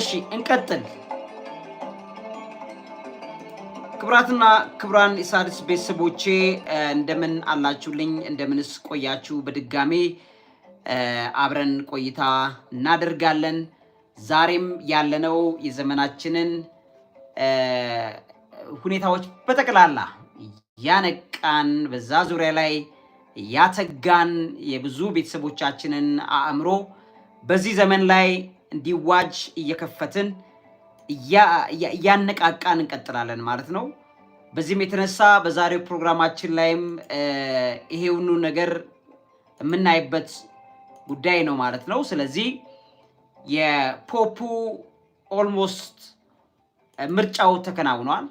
እሺ እንቀጥል። ክብራትና ክብራን የሣድስ ቤተሰቦቼ እንደምን አላችሁልኝ? እንደምንስ ቆያችሁ? በድጋሜ አብረን ቆይታ እናደርጋለን። ዛሬም ያለነው የዘመናችንን ሁኔታዎች በጠቅላላ ያነቃን በዛ ዙሪያ ላይ ያተጋን የብዙ ቤተሰቦቻችንን አእምሮ በዚህ ዘመን ላይ እንዲዋጅ እየከፈትን እያነቃቃን እንቀጥላለን ማለት ነው። በዚህም የተነሳ በዛሬው ፕሮግራማችን ላይም ይሄውኑ ነገር የምናይበት ጉዳይ ነው ማለት ነው። ስለዚህ የፖፑ ኦልሞስት ምርጫው ተከናውኗል።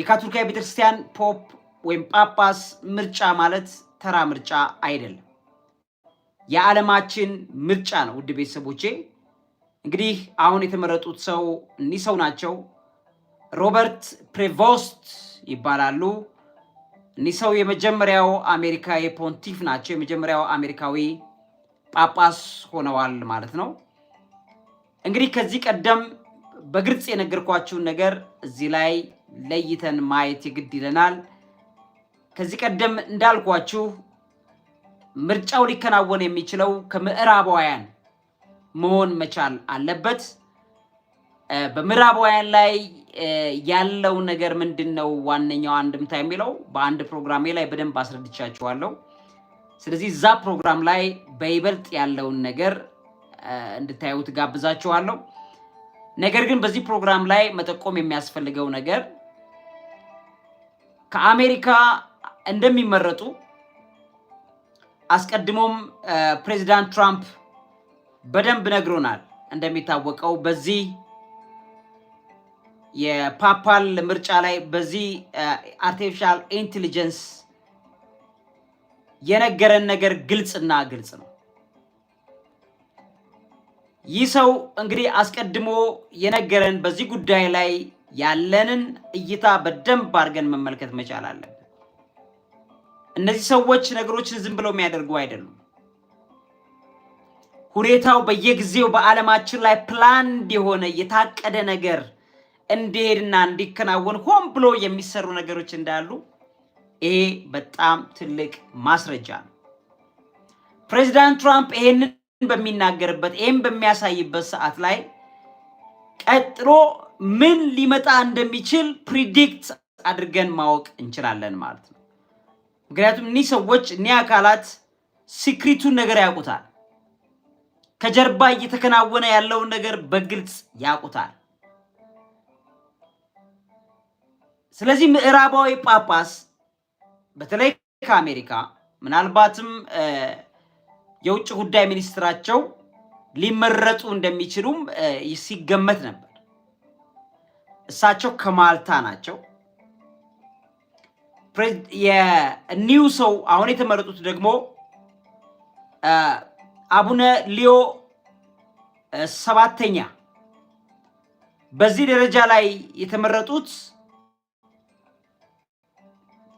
የካቶሊካዊ ቤተክርስቲያን ፖፕ ወይም ጳጳስ ምርጫ ማለት ተራ ምርጫ አይደለም። የዓለማችን ምርጫ ነው። ውድ ቤተሰቦቼ እንግዲህ አሁን የተመረጡት ሰው እኒህ ሰው ናቸው። ሮበርት ፕሬቮስት ይባላሉ። እኒህ ሰው የመጀመሪያው አሜሪካ የፖንቲፍ ናቸው። የመጀመሪያው አሜሪካዊ ጳጳስ ሆነዋል ማለት ነው። እንግዲህ ከዚህ ቀደም በግልጽ የነገርኳችሁን ነገር እዚህ ላይ ለይተን ማየት የግድ ይለናል። ከዚህ ቀደም እንዳልኳችሁ ምርጫው ሊከናወን የሚችለው ከምዕራባውያን መሆን መቻል አለበት። በምዕራባውያን ላይ ያለው ነገር ምንድን ነው ዋነኛው አንድምታ የሚለው በአንድ ፕሮግራሜ ላይ በደንብ አስረድቻችኋለሁ። ስለዚህ እዛ ፕሮግራም ላይ በይበልጥ ያለውን ነገር እንድታዩት ጋብዛችኋለሁ። ነገር ግን በዚህ ፕሮግራም ላይ መጠቆም የሚያስፈልገው ነገር ከአሜሪካ እንደሚመረጡ አስቀድሞም ፕሬዚዳንት ትራምፕ በደንብ ነግሮናል። እንደሚታወቀው በዚህ የፓፓል ምርጫ ላይ በዚህ አርቲፊሻል ኢንቴሊጀንስ የነገረን ነገር ግልጽና ግልጽ ነው። ይህ ሰው እንግዲህ አስቀድሞ የነገረን በዚህ ጉዳይ ላይ ያለንን እይታ በደንብ አድርገን መመልከት መቻል አለን። እነዚህ ሰዎች ነገሮችን ዝም ብለው የሚያደርጉ አይደሉም። ሁኔታው በየጊዜው በዓለማችን ላይ ፕላንድ የሆነ የታቀደ ነገር እንዲሄድና እንዲከናወን ሆን ብሎ የሚሰሩ ነገሮች እንዳሉ ይሄ በጣም ትልቅ ማስረጃ ነው። ፕሬዚዳንት ትራምፕ ይሄንን በሚናገርበት ይህም በሚያሳይበት ሰዓት ላይ ቀጥሎ ምን ሊመጣ እንደሚችል ፕሪዲክት አድርገን ማወቅ እንችላለን ማለት ነው። ምክንያቱም እኒህ ሰዎች እኒህ አካላት ሲክሪቱን ነገር ያውቁታል። ከጀርባ እየተከናወነ ያለውን ነገር በግልጽ ያውቁታል። ስለዚህ ምዕራባዊ ጳጳስ በተለይ ከአሜሪካ ምናልባትም የውጭ ጉዳይ ሚኒስትራቸው ሊመረጡ እንደሚችሉም ሲገመት ነበር። እሳቸው ከማልታ ናቸው። የኒው ሰው አሁን የተመረጡት ደግሞ አቡነ ሊዮ ሰባተኛ በዚህ ደረጃ ላይ የተመረጡት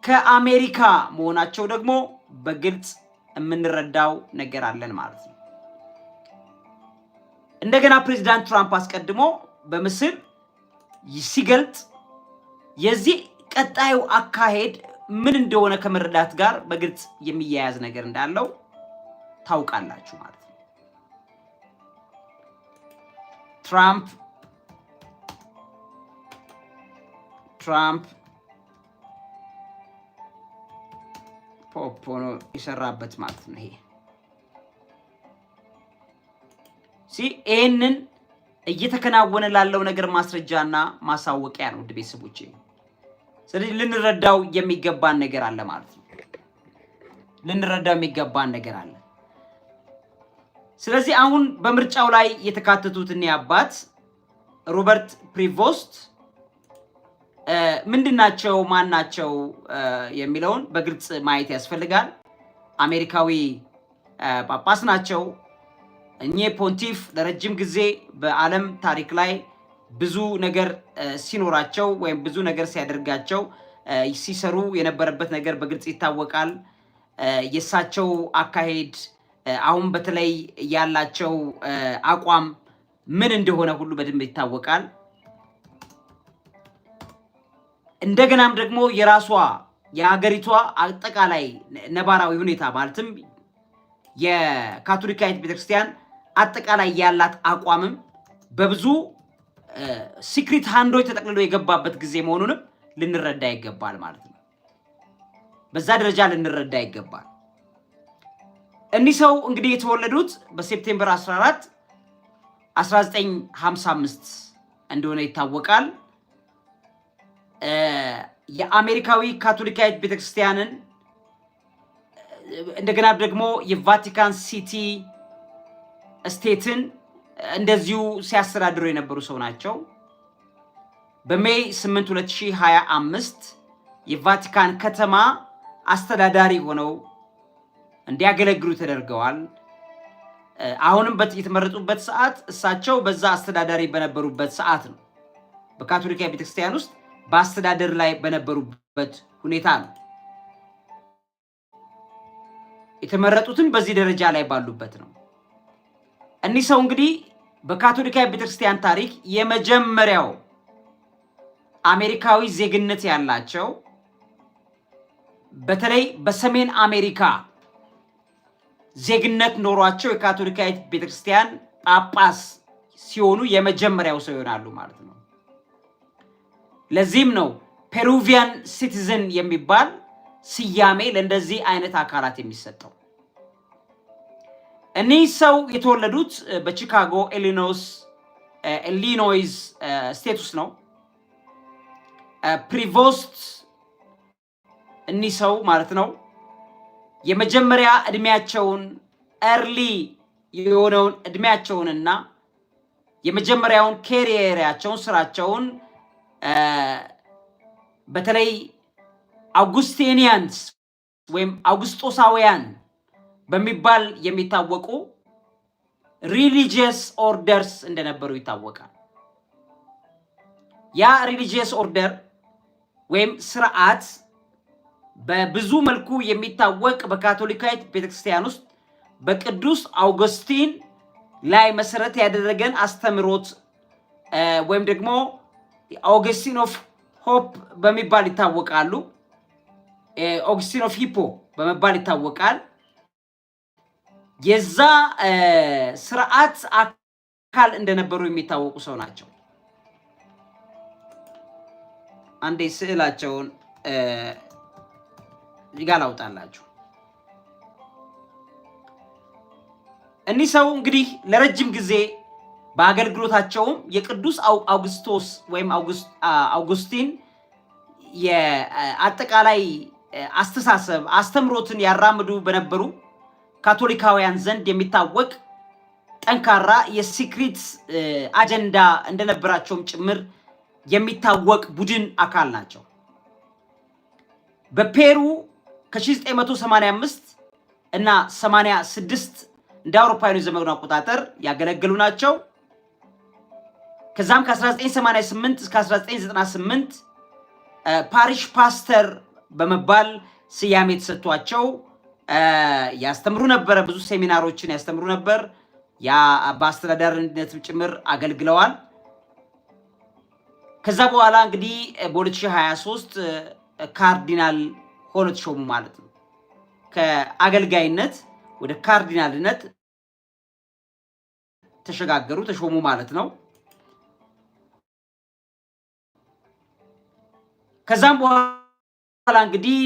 ከአሜሪካ መሆናቸው ደግሞ በግልጽ የምንረዳው ነገር አለን ማለት ነው። እንደገና ፕሬዚዳንት ትራምፕ አስቀድሞ በምስል ሲገልጥ የዚህ ቀጣዩ አካሄድ ምን እንደሆነ ከመረዳት ጋር በግልጽ የሚያያዝ ነገር እንዳለው ታውቃላችሁ ማለት ነው። ትራምፕ ትራምፕ ፖፕ ሆኖ የሰራበት ማለት ነው። ይሄ ሲ ይህንን እየተከናወነ ላለው ነገር ማስረጃና ማሳወቂያ ነው። ውድ ቤተሰቦቼ ስለዚህ ልንረዳው የሚገባን ነገር አለ ማለት ነው። ልንረዳው የሚገባን ነገር አለ። ስለዚህ አሁን በምርጫው ላይ የተካተቱት እኒህ አባት ሮበርት ፕሪቮስት ምንድናቸው? ናቸው የሚለውን በግልጽ ማየት ያስፈልጋል። አሜሪካዊ ጳጳስ ናቸው። እኚህ ፖንቲፍ ለረጅም ጊዜ በዓለም ታሪክ ላይ ብዙ ነገር ሲኖራቸው ወይም ብዙ ነገር ሲያደርጋቸው ሲሰሩ የነበረበት ነገር በግልጽ ይታወቃል። የእሳቸው አካሄድ አሁን በተለይ ያላቸው አቋም ምን እንደሆነ ሁሉ በደንብ ይታወቃል። እንደገናም ደግሞ የራሷ የሀገሪቷ አጠቃላይ ነባራዊ ሁኔታ ማለትም የካቶሊካዊት ቤተክርስቲያን አጠቃላይ ያላት አቋምም በብዙ ሲክሪት ሃንዶች ተጠቅልሎ የገባበት ጊዜ መሆኑንም ልንረዳ ይገባል ማለት ነው። በዛ ደረጃ ልንረዳ ይገባል። እኒህ ሰው እንግዲህ የተወለዱት በሴፕቴምበር 14 1955 እንደሆነ ይታወቃል። የአሜሪካዊ ካቶሊካዊት ቤተክርስቲያንን እንደገና ደግሞ የቫቲካን ሲቲ ስቴትን እንደዚሁ ሲያስተዳድሩ የነበሩ ሰው ናቸው። በሜይ 8 2025 የቫቲካን ከተማ አስተዳዳሪ ሆነው እንዲያገለግሉ ተደርገዋል። አሁንም የተመረጡበት ሰዓት እሳቸው በዛ አስተዳዳሪ በነበሩበት ሰዓት ነው። በካቶሊካ ቤተክርስቲያን ውስጥ በአስተዳደር ላይ በነበሩበት ሁኔታ ነው የተመረጡትም በዚህ ደረጃ ላይ ባሉበት ነው። እኒህ ሰው እንግዲህ በካቶሊካዊ ቤተክርስቲያን ታሪክ የመጀመሪያው አሜሪካዊ ዜግነት ያላቸው በተለይ በሰሜን አሜሪካ ዜግነት ኖሯቸው የካቶሊካዊት ቤተክርስቲያን ጳጳስ ሲሆኑ የመጀመሪያው ሰው ይሆናሉ ማለት ነው። ለዚህም ነው ፔሩቪያን ሲቲዝን የሚባል ስያሜ ለእንደዚህ አይነት አካላት የሚሰጠው። እኒህ ሰው የተወለዱት በቺካጎ ኢሊኖይስ ኢሊኖይዝ ስቴት ውስጥ ነው። ፕሪቮስት እኒህ ሰው ማለት ነው የመጀመሪያ እድሜያቸውን ኤርሊ የሆነውን እድሜያቸውንና የመጀመሪያውን ኬሪየራቸውን ስራቸውን በተለይ አውጉስቴኒያንስ ወይም አውግስጦሳውያን በሚባል የሚታወቁ ሪሊጂየስ ኦርደርስ እንደነበሩ ይታወቃል። ያ ሪሊጂየስ ኦርደር ወይም ስርዓት በብዙ መልኩ የሚታወቅ በካቶሊካዊት ቤተክርስቲያን ውስጥ በቅዱስ አውገስቲን ላይ መሰረት ያደረገን አስተምሮት ወይም ደግሞ አውግስቲን ኦፍ ሆፕ በሚባል ይታወቃሉ። አውግስቲን ኦፍ ሂፖ በመባል ይታወቃል። የዛ ስርዓት አካል እንደነበሩ የሚታወቁ ሰው ናቸው። አንዴ ስዕላቸውን ይጋላውጣላችሁ። እኒህ ሰው እንግዲህ ለረጅም ጊዜ በአገልግሎታቸውም የቅዱስ አውግስቶስ ወይም አውጉስቲን የአጠቃላይ አስተሳሰብ አስተምሮትን ያራምዱ በነበሩ ካቶሊካውያን ዘንድ የሚታወቅ ጠንካራ የሲክሪት አጀንዳ እንደነበራቸውም ጭምር የሚታወቅ ቡድን አካል ናቸው። በፔሩ ከ1985 እና 86 እንደ አውሮፓውያኑ የዘመኑ አቆጣጠር ያገለገሉ ናቸው። ከዛም ከ1988 እስከ 1998 ፓሪሽ ፓስተር በመባል ስያሜ የተሰጥቷቸው ያስተምሩ ነበረ። ብዙ ሴሚናሮችን ያስተምሩ ነበር። ያ በአስተዳዳሪነት ጭምር አገልግለዋል። ከዛ በኋላ እንግዲህ በ2023 ካርዲናል ሆነው ተሾሙ ማለት ነው። ከአገልጋይነት ወደ ካርዲናልነት ተሸጋገሩ፣ ተሾሙ ማለት ነው። ከዛም በኋላ እንግዲህ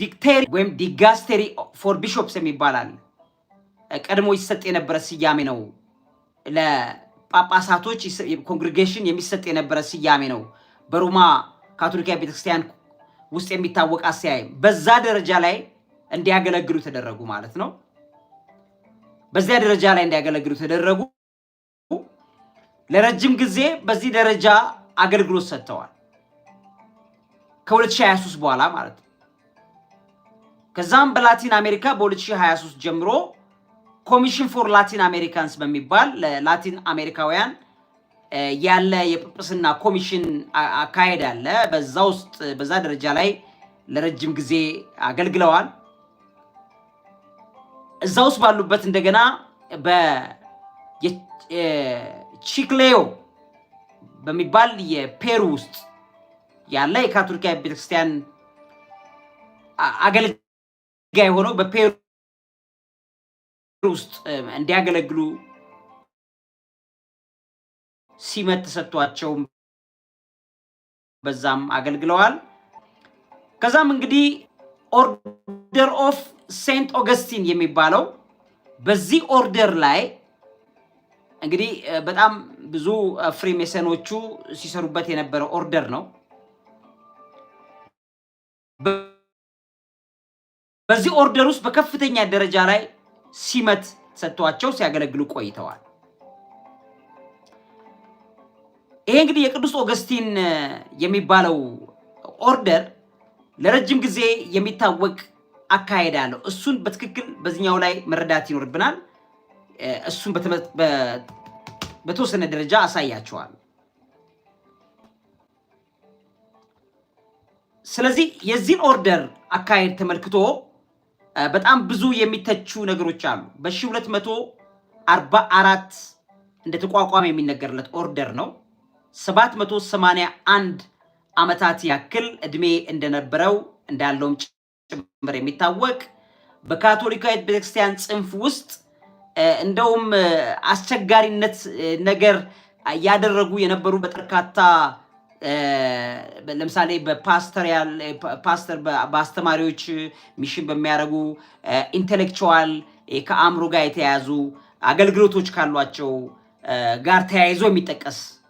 ዲክቴሪ ወይም ዲጋስተሪ ፎር ቢሾፕስ የሚባላል ቀድሞ ይሰጥ የነበረ ስያሜ ነው። ለጳጳሳቶች ኮንግሪጌሽን የሚሰጥ የነበረ ስያሜ ነው። በሮማ ካቶሊካዊ ቤተክርስቲያን ውስጥ የሚታወቅ አስተያየም በዛ ደረጃ ላይ እንዲያገለግሉ ተደረጉ ማለት ነው። በዚያ ደረጃ ላይ እንዲያገለግሉ ተደረጉ። ለረጅም ጊዜ በዚህ ደረጃ አገልግሎት ሰጥተዋል ከ2023 በኋላ ማለት ነው። ከዛም በላቲን አሜሪካ በ2023 ጀምሮ ኮሚሽን ፎር ላቲን አሜሪካንስ በሚባል ለላቲን አሜሪካውያን ያለ የጵጵስና ኮሚሽን አካሄድ አለ። በዛ ውስጥ በዛ ደረጃ ላይ ለረጅም ጊዜ አገልግለዋል። እዛ ውስጥ ባሉበት እንደገና በቺክሌዮ በሚባል የፔሩ ውስጥ ያለ የካቶሊካ ቤተክርስቲያን አገልግ ድንጋይ ሆነው በፔሩ ውስጥ እንዲያገለግሉ ሲመት ተሰጥቷቸው በዛም አገልግለዋል። ከዛም እንግዲህ ኦርደር ኦፍ ሴንት ኦገስቲን የሚባለው በዚህ ኦርደር ላይ እንግዲህ በጣም ብዙ ሜሰኖቹ ሲሰሩበት የነበረ ኦርደር ነው። በዚህ ኦርደር ውስጥ በከፍተኛ ደረጃ ላይ ሲመት ሰጥቷቸው ሲያገለግሉ ቆይተዋል። ይሄ እንግዲህ የቅዱስ ኦገስቲን የሚባለው ኦርደር ለረጅም ጊዜ የሚታወቅ አካሄድ አለው። እሱን በትክክል በዚህኛው ላይ መረዳት ይኖርብናል። እሱን በተወሰነ ደረጃ አሳያቸዋል። ስለዚህ የዚህን ኦርደር አካሄድ ተመልክቶ በጣም ብዙ የሚተቹ ነገሮች አሉ። በ1244 እንደተቋቋመ የሚነገርለት ኦርደር ነው። 781 ዓመታት ያክል እድሜ እንደነበረው እንዳለውም ጭምር የሚታወቅ በካቶሊካዊት ቤተክርስቲያን ጽንፍ ውስጥ እንደውም አስቸጋሪነት ነገር ያደረጉ የነበሩ በርካታ ለምሳሌ በፓስተሪያል ፓስተር በአስተማሪዎች ሚሽን በሚያደርጉ ኢንቴሌክቹዋል ከአእምሮ ጋር የተያያዙ አገልግሎቶች ካሏቸው ጋር ተያይዞ የሚጠቀስ